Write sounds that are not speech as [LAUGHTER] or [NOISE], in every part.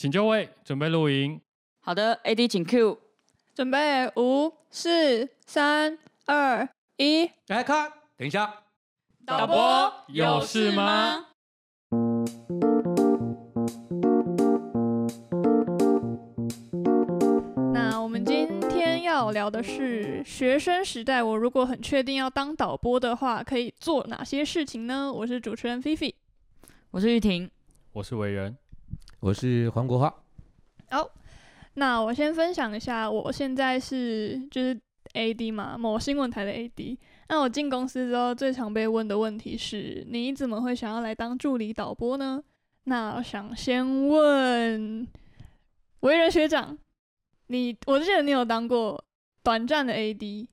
請就位，準備錄音。好的，AD，請 Q。準備，五、四、三、二、一，來看，等一下，導播有事嗎？那我們今天要聊的是學生時代，我如果很確定要當導播的話，可以做哪些事情呢？我是主持人菲菲，我是玉婷，我是唯仁。我是黃國華。好，那我先分享一下，我現在是就是 AD 嘛，某新聞台的 AD。那我進公司之後，最常被問的問題是：你怎麼會想要來當助理導播呢？那我想先問唯仁學長，你我記得你有當過短暫的 AD。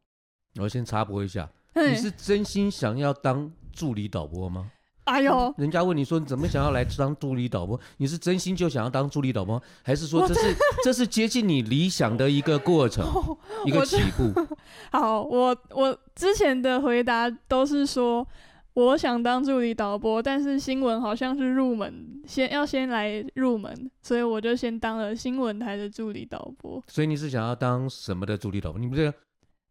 我先插播一下，嘿你是真心想要當助理導播嗎？哎呦，人家問你說你怎麼想要來當助理導播？ [LAUGHS] 你是真心就想要當助理導播，還是說這是我的 這是接近你理想的一個過程，我的 一個起步？好，我我之前的回答都是說我想當助理導播，但是新聞好像是入門，先要先來入門，所以我就先當了新聞台的助理導播。所以你是想要當什麼的助理導播？你不是？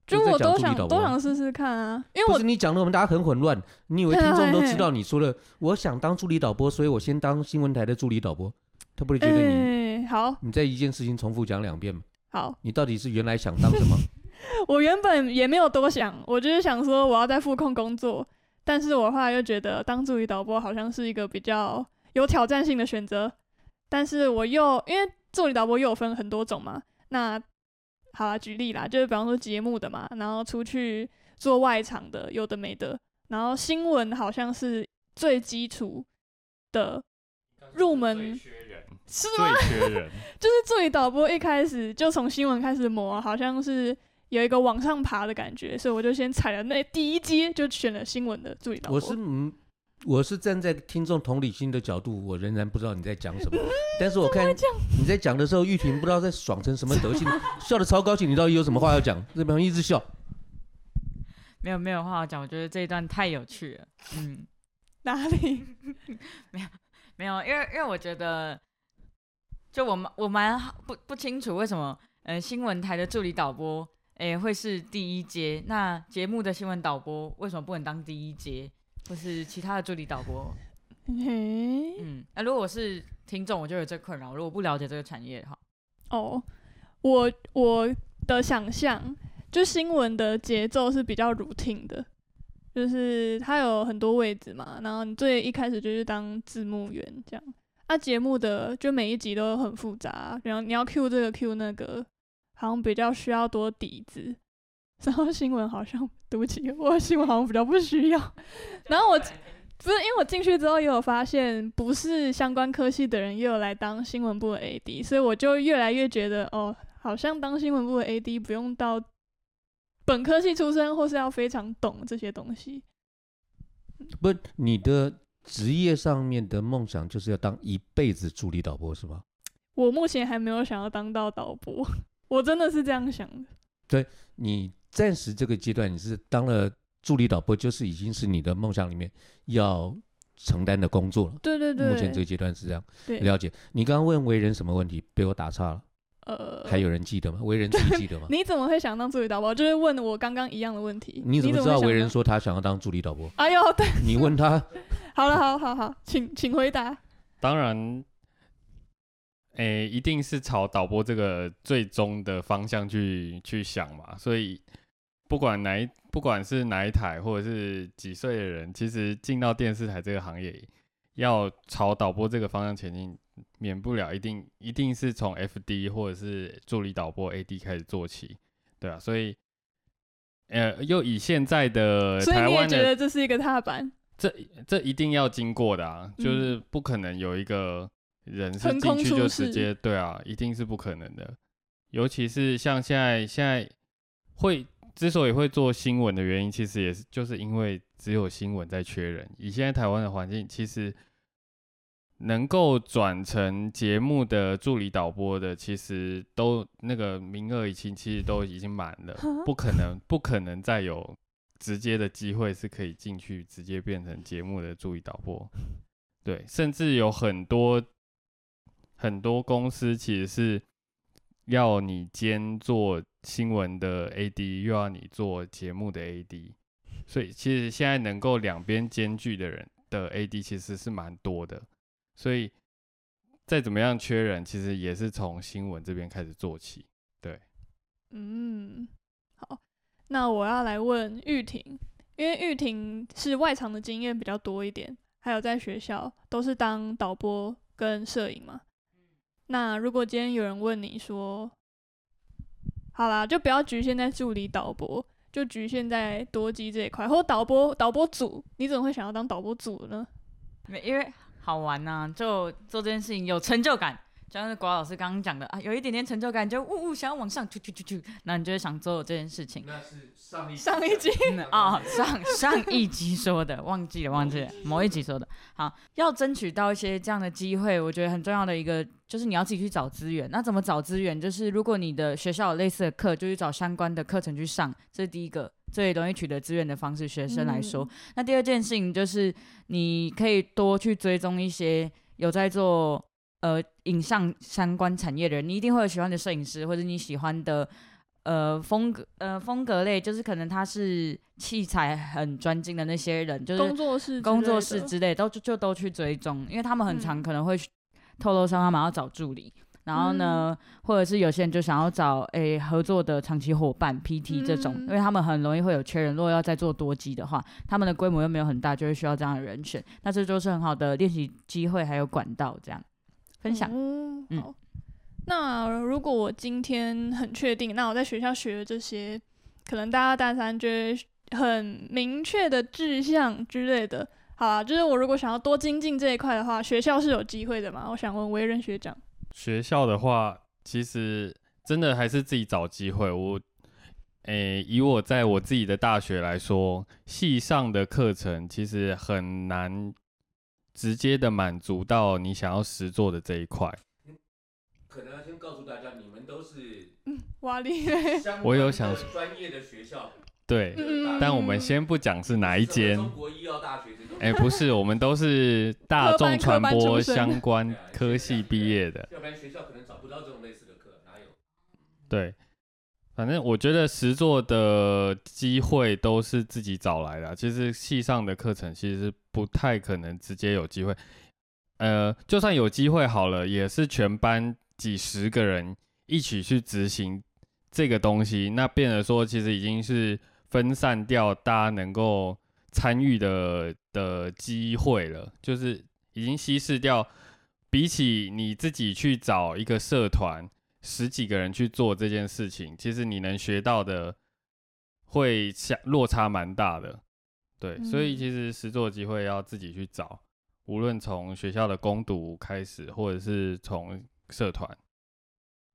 就我都想都想試試看啊，因為我跟你講了，我們大家很混亂。你以為聽眾都知道你說了，哎哎哎我想當助理導播，所以我先當新聞台的助理導播。他不會覺得你、欸、好，你在一件事情重複講兩遍嘛，好，你到底是原來想當什麼？ [LAUGHS] 我原本也沒有多想，我就是想說我要在副控工作，但是我後來又覺得當助理導播好像是一個比較有挑戰性的選擇，但是我又因為助理導播又有分很多種嘛，那。好了、啊，舉例啦，就是比方說節目的嘛，然後出去做外場的，有的沒的。然後新聞好像是最基礎的入門，是,是,是嗎？ [LAUGHS] 最缺人，就是助理導播一開始就從新聞開始磨，好像是有一個往上爬的感覺，所以我就先踩了那第一階，就選了新聞的助理導播。我是站在聽眾同理心的角度，我仍然不知道你在講什麼。嗯、但是我看你在講的時候，玉婷不知道在爽成什麼德性，笑得超高興。你到底有什麼話要講？ [LAUGHS] 這邊一直笑。沒有，沒有話要講，我覺得這一段太有趣了。嗯，哪裡？ [LAUGHS] 沒有沒有，因為因為我覺得，就我我蠻不不清楚為什麼嗯、呃，新聞台的助理導播哎、欸、會是第一階，那節目的新聞導播為什麼不能當第一階？或是其他的助理導播，Okay. 嗯，嗯，啊，如果我是聽眾，我就有這困擾。如果不了解這個產業的話，哦、oh，我我的想象就新聞的節奏是比較 routine 的，就是它有很多位置嘛，然後你最一開始就是當字幕員這樣啊，節目的就每一集都很複雜，然後你要 Q 這個 Q 那個，好像比較需要多底子，然後新聞好像。對不起，我的新聞好像比較不需要。 [LAUGHS] 然後我不是因為我進去之後也有發現，不是相關科系的人也有來當新聞部的 AD，所以我就越來越覺得哦，好像當新聞部的 AD 不用到本科系出身，或是要非常懂這些東西。不，你的職業上面的夢想就是要當一輩子助理導播是嗎？我目前還沒有想要當到導播，我真的是這樣想的。對，你。暫時這個階段，你是當了助理導播，就是已經是你的夢想裡面要承擔的工作了。對對對，目前這個階段是這樣。了解。對。你剛剛問唯仁什麼問題，被我打岔了。呃，還有人記得嗎？唯仁自己記得嗎？對。你怎麼會想當助理導播？就是問我剛剛一樣的問題。你怎麼知道唯仁說他想要當助理導播？哎呦，對。你問他。好了，好好好，請請回答。當然，誒、欸，一定是朝導播這個最終的方向去去想嘛，所以。不管哪一，不管是哪一台，或者是幾歲的人，其實進到電視台這個行業，要朝導播這個方向前進，免不了一定一定是從 FD 或者是助理導播 AD 開始做起，對啊，所以，呃，又以現在的，所以我覺得這是一個踏板，這這一定要經過的，啊，就是不可能有一個人是進去就直接，對啊，一定是不可能的，尤其是像現在現在會。之所以會做新聞的原因，其實也是就是因為只有新聞在缺人。以現在台灣的環境，其實能夠轉成節目的助理導播的，其實都那個名額已經其實都已經滿了，不可能不可能再有直接的機會是可以進去直接變成節目的助理導播。對，甚至有很多很多公司其實是要你兼做。新聞的 AD 又要你做節目的 AD，所以其實現在能夠兩邊兼具的人的 AD 其實是蠻多的，所以再怎麼樣缺人，其實也是從新聞這邊開始做起。對，嗯，好，那我要來問玉婷，因為玉婷是外場的經驗比較多一點，還有在學校都是當導播跟攝影嘛。那如果今天有人問你說。好啦，就不要局限在助理導播，就局限在多機這一塊，或導播，導播組，你怎麼會想要當導播組呢？沒，因為好玩吶、啊，就做這件事情有成就感。像是國老師剛剛講的啊，有一點點成就感，就嗚嗚，想要往上，突突突突，那你就會想做這件事情。那是上一上一集啊，上上一集說的，忘記了忘記了，某一，某一集說的。好，要爭取到一些這樣的機會，我覺得很重要的一個就是你要自己去找資源。那怎麼找資源？就是如果你的學校有類似的課，就去找相關的課程去上，這是第一個，最容易取得資源的方式，學生來說。嗯，那第二件事情就是你可以多去追蹤一些有在做。呃，影像相關產業的人，你一定會有喜歡的攝影師，或者你喜歡的呃風格呃風格類，就是可能他是器材很專精的那些人，就是工作室工作室之類，都就，就都去追蹤，因為他們很常可能會去、嗯、透露上他們要找助理，然後呢，嗯、或者是有些人就想要找誒、欸、合作的長期夥伴 PT 這種，嗯、因為他們很容易會有缺人，如果要再做多機的話，他們的規模又沒有很大，就會需要這樣的人選，那這就是很好的練習機會還有管道這樣。分享，嗯，好。那如果我今天很確定，那我在學校學的這些，可能大二大三就很明確的志向之類的，好啦，就是我如果想要多精進這一塊的話，學校是有機會的嘛？我想問唯仁學長。學校的話，其實真的還是自己找機會。我，誒、欸，以我在我自己的大學來說，系上的課程其實很難。直接的滿足到你想要實做的這一塊，嗯，可能要先告訴大家，你們都是，我有想專業的學校，對，但我們先不講是哪一間哎、嗯嗯欸，不是，我們都是大眾傳播相關科系畢業的，要不然學校可能找不到這種類似的課，哪有？對。反正我覺得實作的機會都是自己找來的啊，其實系上的課程其實不太可能直接有機會，呃，就算有機會好了，也是全班幾十個人一起去執行這個東西，那變得說其實已經是分散掉大家能夠參與的的機會了，就是已經稀釋掉，比起你自己去找一個社團。十幾個人去做這件事情，其實你能學到的會下，落差蠻大的，對，嗯、所以其實實作機會要自己去找，無論從學校的工讀開始，或者是從社團。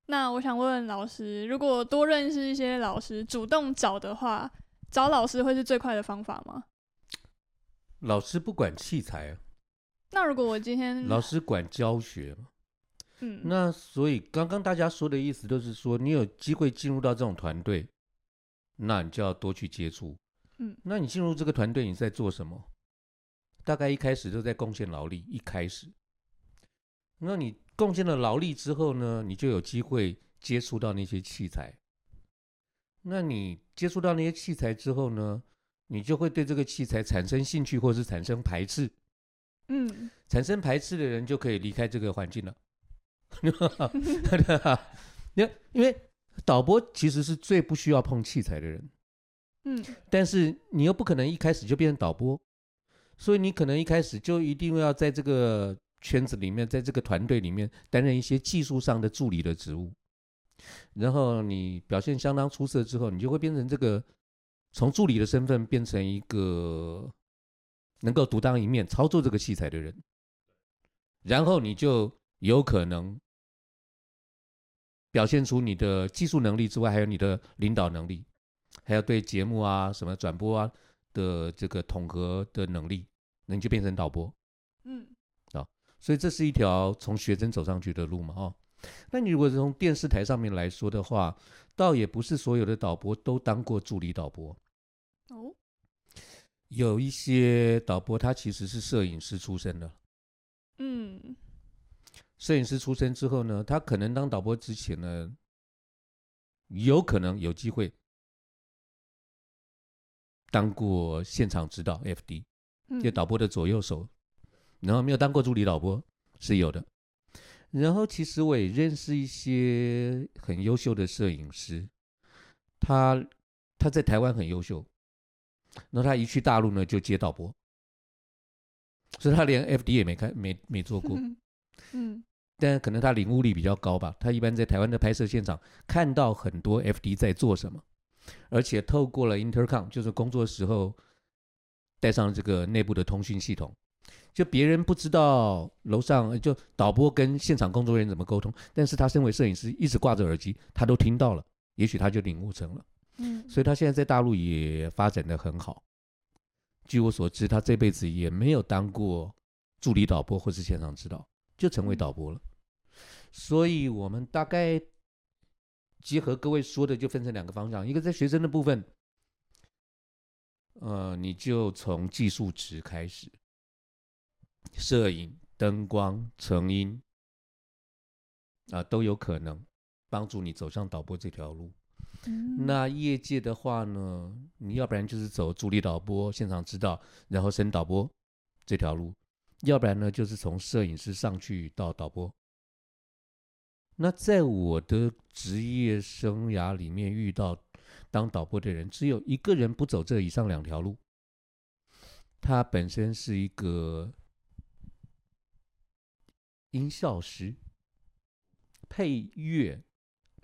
那我想問老師，如果多認識一些老師，主動找的話，找老師會是最快的方法嗎？老師不管器材，那如果我今天老師管教學。嗯，那所以剛剛大家說的意思都是說，你有機會進入到這種團隊，那你就要多去接觸。嗯，那你進入這個團隊，你在做什麼？大概一開始就在貢獻勞力，一開始。那你貢獻了勞力之後呢，你就有機會接觸到那些器材。那你接觸到那些器材之後呢，你就會對這個器材產生興趣，或是產生排斥。嗯，產生排斥的人就可以離開這個環境了。哈哈，哈，啊，因因為導播其實是最不需要碰器材的人，嗯，但是你又不可能一開始就變成導播，所以你可能一開始就一定要在這個圈子裡面，在這個團隊裡面擔任一些技術上的助理的職務，然後你表現相當出色之後，你就會變成這個從助理的身份變成一個能夠獨當一面操作這個器材的人，然後你就。有可能表現出你的技術能力之外，還有你的領導能力，還有對節目啊、什麼轉播啊的這個統合的能力，那你就變成導播。嗯，啊、哦，所以這是一條從學生走上去的路嘛，哈、哦。那你如果是從電視台上面來說的話，倒也不是所有的導播都當過助理導播。哦，有一些導播他其實是攝影師出身的。攝影師出身之後呢，他可能當導播之前呢，有可能有機會當過現場指導 （F.D.），嗯，就導播的左右手。然後沒有當過助理導播是有的。然後其實我也認識一些很優秀的攝影師，他他在台灣很優秀，然後他一去大陸呢就接導播，所以他連 F.D. 也沒開、沒沒做過。嗯嗯但可能他領悟力比較高吧，他一般在台灣的拍攝現場看到很多 FD 在做什麼，而且透過了 intercom，就是工作時候帶上這個內部的通訊系統，就別人不知道樓上就導播跟現場工作人員怎麼溝通，但是他身為攝影師一直掛着耳機，他都聽到了，也許他就領悟成了。嗯，所以他現在在大陸也發展得很好。據我所知，他這輩子也沒有當過助理導播或是現場指導，就成為導播了。所以，我們大概結合各位說的，就分成兩個方向：一個在學生的部分，呃，你就從技術職開始，攝影、燈光、成音啊、呃，都有可能幫助你走上導播這條路。那業界的話呢，你要不然就是走助理導播、現場指導，然後升導播這條路；要不然呢，就是從攝影師上去到導播。那在我的職業生涯裡面遇到當導播的人，只有一個人不走這以上兩條路。他本身是一個音效師，配樂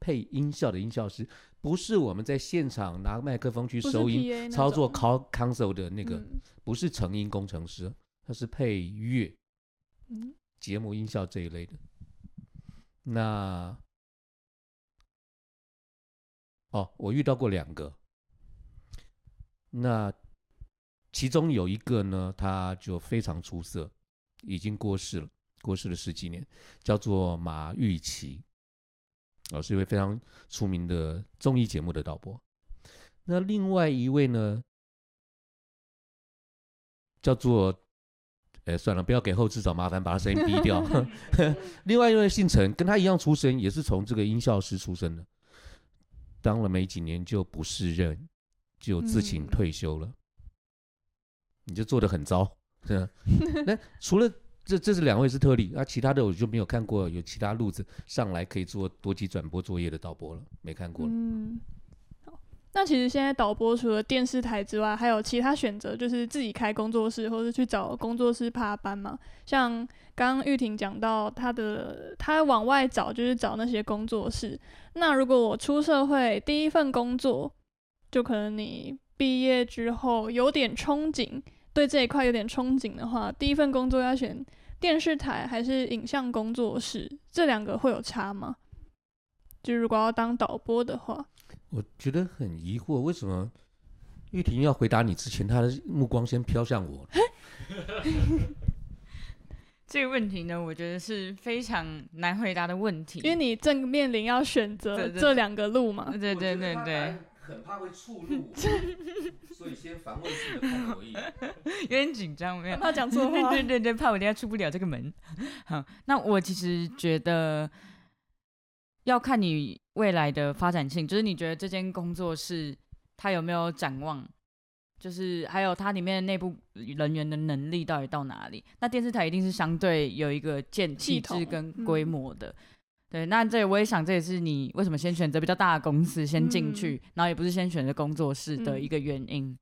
配音效的音效師，不是我們在現場拿麥克風去收音、操作 call console 的那個，嗯、不是成音工程師，他是配樂、嗯、節目音效這一類的。那，哦，我遇到過兩個。那其中有一個呢，他就非常出色，已經過世了，過世了十幾年，叫做馬玉琪，哦，是一位非常出名的綜藝節目的導播。那另外一位呢，叫做。哎，算了，不要給後製找麻煩，把他聲音嗶掉。 [LAUGHS] [LAUGHS] 另外一位姓陳，跟他一樣出身，也是從這個音效師出身的，當了沒幾年就不適任，就自請退休了。嗯、你就做得很糟。那 [LAUGHS] 除了這，這是兩位是特例，那、啊、其他的我就沒有看過有其他路子上來可以做多機轉播作業的導播了，沒看過了。嗯那其實現在導播除了電視台之外，還有其他選擇，就是自己開工作室，或者是去找工作室拍班嘛。像剛剛玉婷講到她的，她往外找就是找那些工作室。那如果我出社會第一份工作，就可能你畢業之後有點憧憬，對這一塊有點憧憬的話，第一份工作要選電視台還是影像工作室，這兩個會有差嗎？就如果要當導播的話，我覺得很疑惑，為什麼玉婷要回答你之前，她的目光先飄向我？欸、 [LAUGHS] 這個問題呢，我覺得是非常難回答的問題，因為你正面臨要選擇這兩個路嘛。對對對，對對對對。我很怕會觸怒，哦， [LAUGHS] 所以先反問自己的朋友，還可以。有點緊張，怕、啊、講錯話。 [LAUGHS] 對，對，對對對，怕我等下出不了這個門。 [LAUGHS] 好，那我其實覺得。嗯要看你未來的發展性，就是你覺得這間工作室它有沒有展望，就是還有它裡面的內部人員的能力到底到哪裡？那電視台一定是相對有一個建體制跟規模的，嗯、對。那這我也想，這也是你為什麼先選擇比較大的公司先進去，嗯、然後也不是先選擇工作室的一個原因。嗯、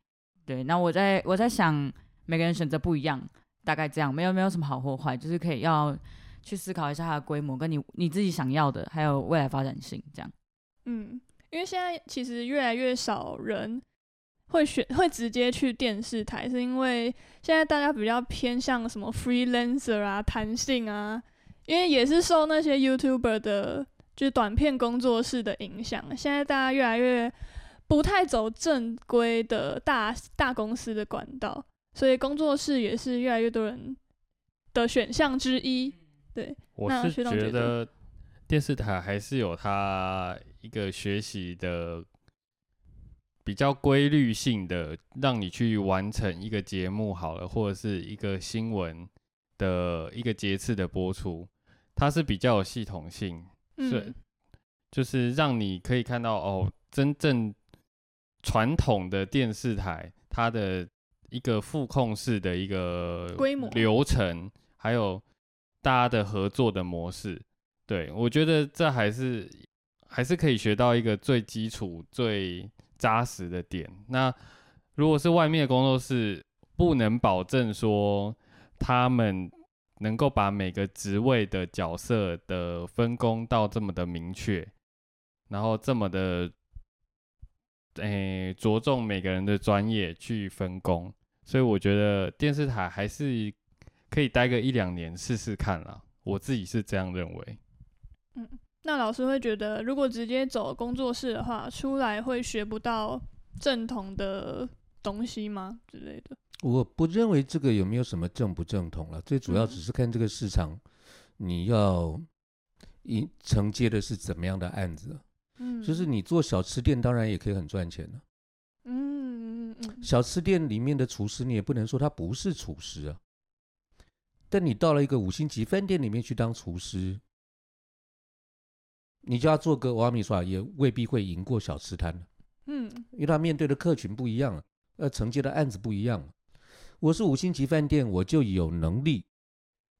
對。那我在我在想，每個人選擇不一樣，大概這樣，沒有沒有什麼好或壞，就是可以要。去思考一下它的規模，跟你你自己想要的，還有未來發展性，這樣。嗯，因為現在其實越來越少人會選，會直接去電視台，是因為現在大家比較偏向什麼 freelancer 啊，彈性啊，因為也是受那些 YouTuber 的，就是短片工作室的影響。現在大家越來越不太走正規的大大公司的管道，所以工作室也是越來越多人的選項之一。對，啊、我是覺得電視台還是有它一個學習的比較規律性的，讓你去完成一個節目好了，或者是一個新聞的一個節次的播出，它是比較有系統性，嗯、是就是讓你可以看到哦，真正傳統的電視台它的一個副控室的一個流程規模還有。大家的合作的模式，對，我覺得這還是還是可以學到一個最基礎、最扎實的點。那如果是外面的工作室，不能保證說他們能夠把每個職位的角色的分工到這麼的明確，然後這麼的誒、哎、着重每個人的專業去分工，所以我覺得電視台還是。可以待個一兩年試試看啦，我自己是這樣認為。嗯，那老師會覺得，如果直接走工作室的話，出來會學不到正統的東西嗎？之類的。我不認為這個有沒有什麼正不正統了，最主要只是看這個市場，你要你承接的是怎麼樣的案子。嗯，就是你做小吃店，當然也可以很賺錢了。嗯，嗯嗯，小吃店裡面的廚師，你也不能說他不是廚師啊。但你到了一個五星級飯店裡面去當廚師，你就要做個瓦米耍，也未必會贏過小吃攤。嗯，因為他面對的客群不一樣了，要、呃、承接的案子不一樣。我是五星級飯店，我就有能力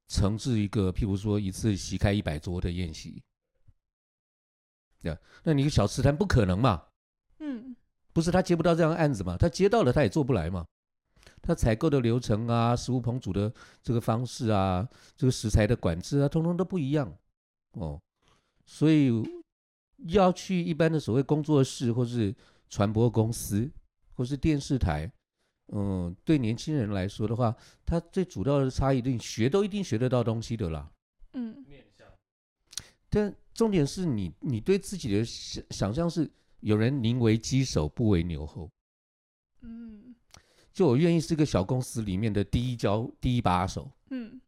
承製一個，譬如說一次席開一百桌的宴席，對、yeah, 那你個小吃攤不可能嘛。嗯，不是他接不到這樣的案子嘛？他接到了，他也做不來嘛。他採購的流程啊，食物烹煮的這個方式啊，這個食材的管制啊，通通都不一樣，哦，所以要去一般的所謂工作室，或是傳播公司，或是電視台，嗯，對年輕人來說的話，他最主要的差異，你學都一定學得到東西的啦，嗯，面向，但重點是你，你對自己的想象是有人寧為雞首不為牛後，嗯。就我願意是個小公司裡面的第一交第一把手，嗯，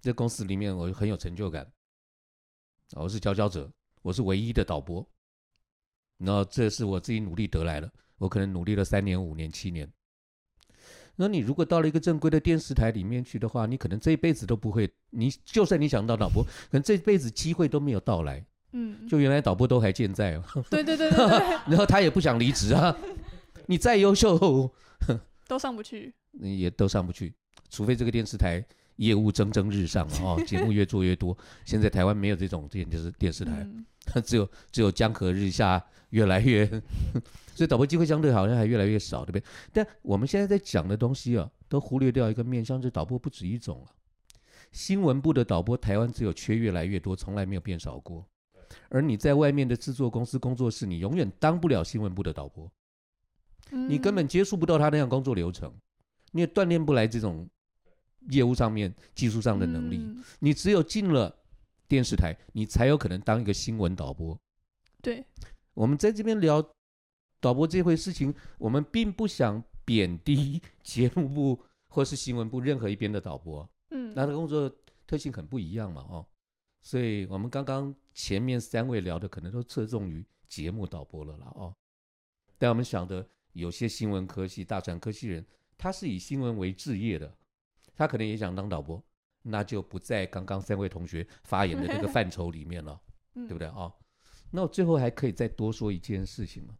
這公司裡面我很有成就感，我是佼佼者，我是唯一的導播，那這是我自己努力得來的，我可能努力了三年、五年、七年。那你如果到了一個正規的電視台裡面去的話，你可能這一輩子都不會，你就算你想當導播，可能這輩子機會都沒有到來，嗯，就原來導播都還健在、啊嗯，對對對對，然後他也不想離職啊，你再優秀。呵都上不去，也都上不去，除非這個電視台業務蒸蒸日上 [LAUGHS] 哦，節目越做越多。現在台灣沒有這種電，這就是電視台，嗯、只有只有江河日下，越來越，所以導播機會相對好像還越來越少對不對？但我們現在在講的東西啊，都忽略掉一個面向，就導播不止一種了。新聞部的導播，台灣只有缺越來越多，從來沒有變少過。而你在外面的製作公司工作室，你永遠當不了新聞部的導播。你根本接觸不到他的那樣工作流程，嗯、你也鍛鍊不來這種業務上面技術上的能力。嗯、你只有進了電視台，你才有可能當一個新聞導播。對，我們在這邊聊導播這回事情，我們並不想貶低節目部或是新聞部任何一邊的導播。嗯，那他工作特性很不一樣嘛，哦，所以我們剛剛前面三位聊的可能都側重於節目導播了了哦，但我們想的。有些新聞科系、大傳科系人，他是以新聞為志業的，他可能也想當導播，那就不在剛剛三位同學發言的那個範疇裡面了， [LAUGHS] 嗯、對不對啊？那我最後還可以再多說一件事情嘛？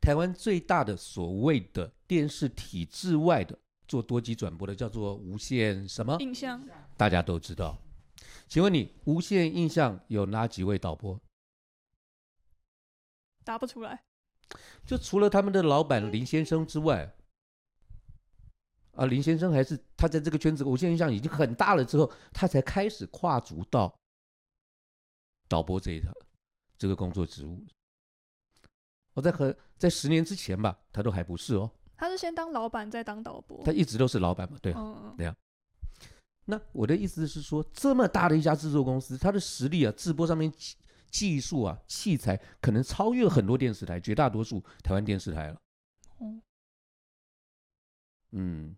台灣最大的所謂的電視體制外的做多機轉播的，叫做無線什麼印象？大家都知道，請問你無線印象有哪幾位導播？答不出來。就除了他們的老板林先生之外，啊，林先生還是他在這個圈子，我現在印象已經很大了之後，他才開始跨足到導播這一套這個工作職務。我在和在十年之前吧，他都還不是哦。他是先當老板，再當導播。他一直都是老板嘛，對啊。對啊，那我的意思是說，這麼大的一家制作公司，他的實力啊，制播上面。技術啊，器材可能超越很多電視台，絕大多數台灣電視台了。哦，嗯，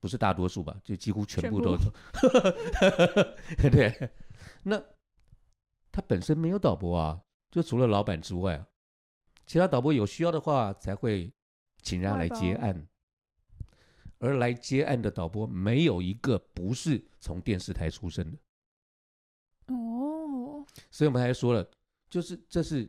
不是大多數吧，就幾乎全部都。部呵呵呵呵對，那他本身沒有導播啊，就除了老闆之外、啊，其他導播有需要的話才會請人家來接案，而來接案的導播沒有一個不是從電視台出身的。所以我們還說了，就是這是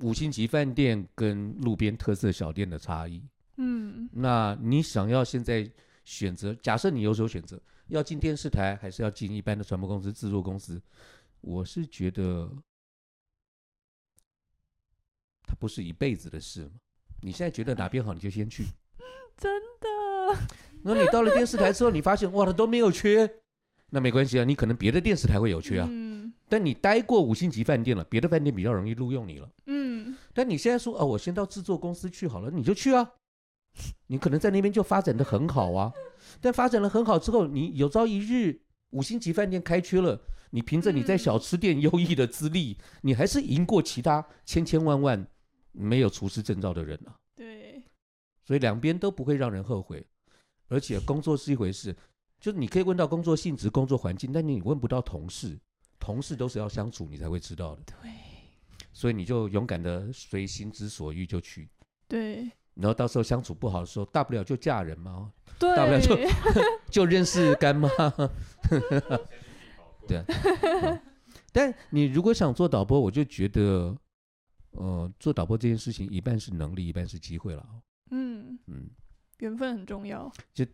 五星級飯店跟路邊特色小店的差異。嗯，那你想要現在選擇，假設你有所選擇，要進電視台還是要進一般的傳播公司、制作公司？我是覺得，它不是一輩子的事嘛。你現在覺得哪邊好，你就先去。真的？那 [LAUGHS] 你到了電視台之後， [LAUGHS] 你發現哇，它都沒有缺，那沒關係啊，你可能別的電視台會有缺啊。嗯但你待過五星級飯店了，別的飯店比較容易錄用你了。嗯，但你現在說哦，我先到制作公司去好了，你就去啊，你可能在那邊就發展的很好啊。嗯，但發展的很好之後，你有朝一日五星級飯店開缺了，你憑着你在小吃店優異的資歷，嗯，你還是贏過其他千千萬萬沒有廚師證照的人啊。對，所以兩邊都不會讓人後悔，而且工作是一回事，就是你可以問到工作性質、工作環境，但你問不到同事。同事都是要相處，你才會知道的。對，所以你就勇敢的隨心之所欲就去。對，然後到時候相處不好的時候，大不了就嫁人嘛。對，大不了就 [LAUGHS] [LAUGHS] 就認識乾媽。對，但你如果想做導播，我就覺得，呃，做導播這件事情一半是能力，一半是機會了。嗯嗯，緣分很重要。就。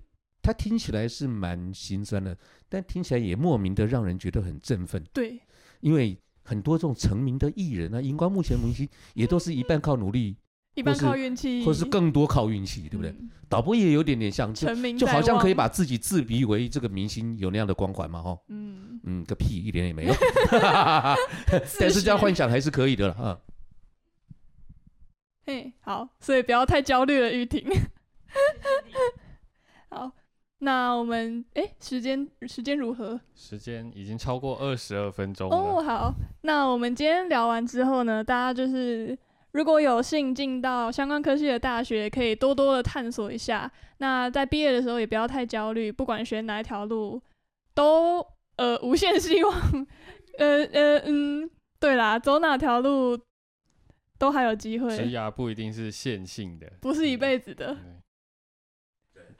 他聽起來是蠻心酸的，但聽起來也莫名的讓人覺得很振奮。對，因為很多這種成名的藝人啊，熒光幕前明星也都是一半靠努力，嗯、是一半靠運氣，或是更多靠運氣，對不對？嗯、導播也有點點像，成名就，就好像可以把自己自比為這個明星有那樣的光環嘛，哈、嗯。嗯嗯，個屁，一點也沒有。 [LAUGHS] [LAUGHS] 學但是這樣幻想還是可以的了，哈、嗯。嘿，hey, 好，所以不要太焦慮了，玉婷。 [LAUGHS] 好。那我們哎、欸，時間時間如何？時間已經超過二十二分鐘了。哦，好，那我們今天聊完之後呢，大家就是如果有幸進到相關科系的大學，可以多多的探索一下。那在畢業的時候也不要太焦慮，不管學哪一條路，都呃無限希望。呃呃嗯，對啦，走哪條路都還有機會。職業不一定是線性的，不是一輩子的。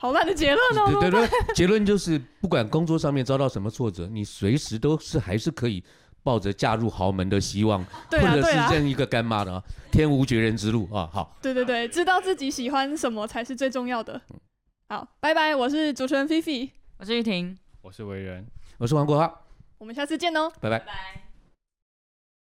好爛的結論哦，對，對對對， [LAUGHS] 結論就是不管工作上面遭到什麼挫折， [LAUGHS] 你隨時都是還是可以抱着嫁入豪門的希望， [LAUGHS] 對啊、或者是認一個乾媽的。 [LAUGHS] 天無絕人之路啊！好，對對對，知道自己喜歡什麼才是最重要的。嗯、好，拜拜！我是主持人 Fifi，我是玉婷，我是唯仁，我是王國華，我們下次見哦，拜拜拜。拜拜。